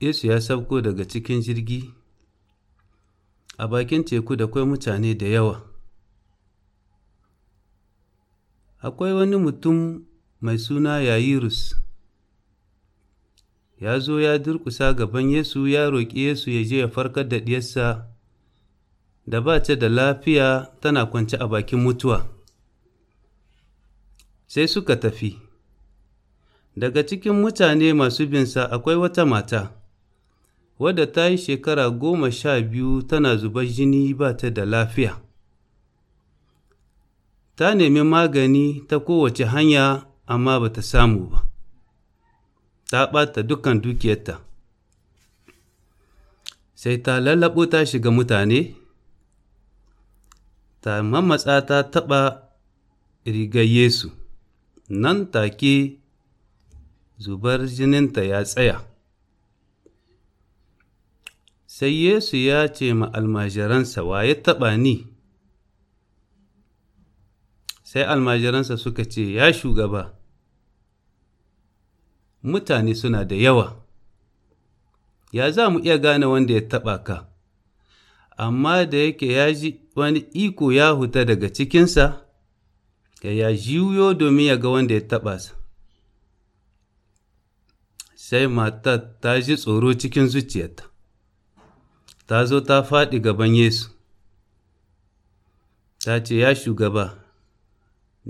Yesu ya sauko daga cikin jirgi, a bakin teku da kwai mutane da yawa. Akwai wani mutum mai suna Yayirus, ya zo ya durƙusa gaban Yesu ya roƙi Yesu ya je ya farkar da ɗiyarsa da ba ta da lafiya tana kwance a bakin mutuwa. Sai suka tafi. Daga cikin mutane masu binsa akwai wata mata. wadda ta yi shekara goma sha biyu tana zubar jini ba ta da lafiya. Ta nemi magani ta kowace hanya amma ba ta samu ba, ta ɓata dukkan dukiyarta. Sai ta lallaɓo ta shiga mutane, ta mamatsa ta taɓa rigar Yesu, nan take zubar jininta ya tsaya. sai Yesu ya ce ma almajiransa, Wa ya taɓa ni? Sai almajiransa suka ce, Ya shugaba, mutane suna da yawa, ya za mu iya gane wanda ya taɓa ka, amma da yake ya ji wani iko ya huta daga cikinsa, ya juyo domin ya ga wanda ya taɓa sa. Sai matar ta ji tsoro cikin zuciyarta. ta zo ta faɗi gaban Yesu, ta ce, Ya shugaba,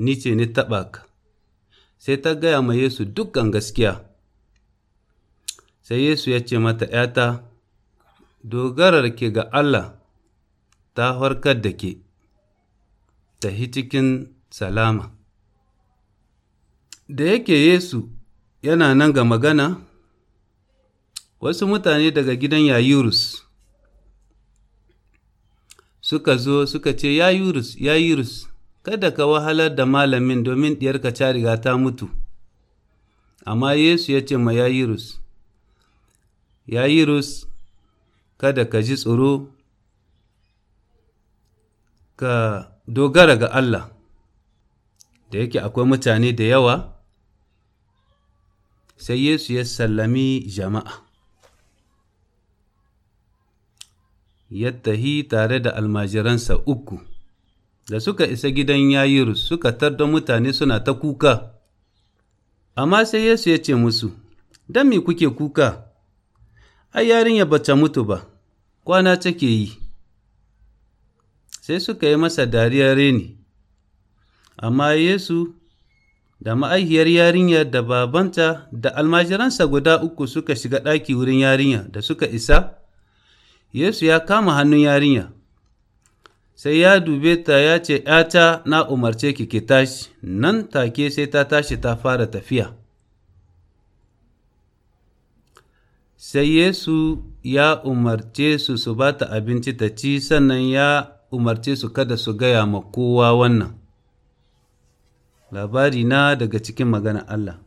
ni ce ni taɓa ka, sai ta gaya ma Yesu dukkan gaskiya. Sai Yesu ya ce mata, ‘yata, dogarar ke ga Allah ta harkar da ke, tahi cikin salama. Da yake Yesu yana nan ga magana, wasu mutane daga gidan Yayirus. suka zo suka ce, Ya Yurus, ya Yurus, kada ka wahalar da malamin domin ɗiyarka ta riga ta mutu. Amma Yesu ya ce ma ya Yurus, Ya Yurus, kada ka ji tsoro, ka dogara ga Allah, da yake akwai mutane da yawa, sai Yesu ya sallami jama'a. ya tahi tare da almajiransa uku, da suka isa gidan yayiru suka tarda mutane suna ta kuka. Amma sai Yesu ya ce musu, Don me kuke kuka, ai yarinya bata mutu ba, kwana take yi. Sai suka yi masa dariyar reni, amma Yesu da ma'aihiyar yarinyar da babanta da almajiransa guda uku suka shiga ɗaki wurin yarinya da suka isa, Yesu ya kama hannun yarinya, sai ya dube ta ya ce, ‘yata na umarce ki ki tashi, nan take sai ta tashi ta fara tafiya. Sai Yesu ya umarce su su ba ta abinci ta ci, sannan ya umarce su kada su gaya ma kowa wannan. Labari na daga cikin magana Allah.